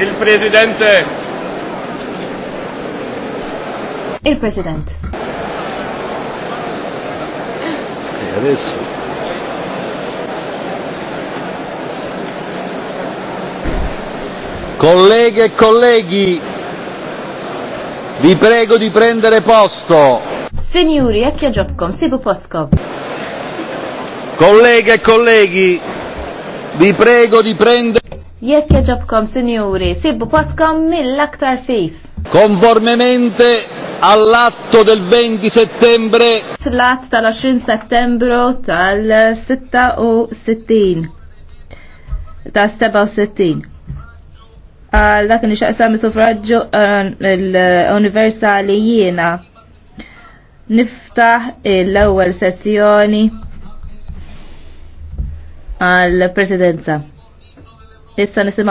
Il-Presidente. Il-President. E adesso. Colleghe e colleghi, vi prego di prendere posto. Signori, a chi giocom? Sibu postcom. Colleghe e colleghi, vi prego di prendere Jekk jaġobkom, sinjuri, sibbu paskom mill-aktar fis. Konformemente all'atto del 20 settembre. att tal-20 settembru tal-66. Tal-67. Għal dak li xaqsam suffraġġu eh, l-universali jiena. Niftaħ l-ewwel sessjoni għal-presidenza. Issa nisimgħu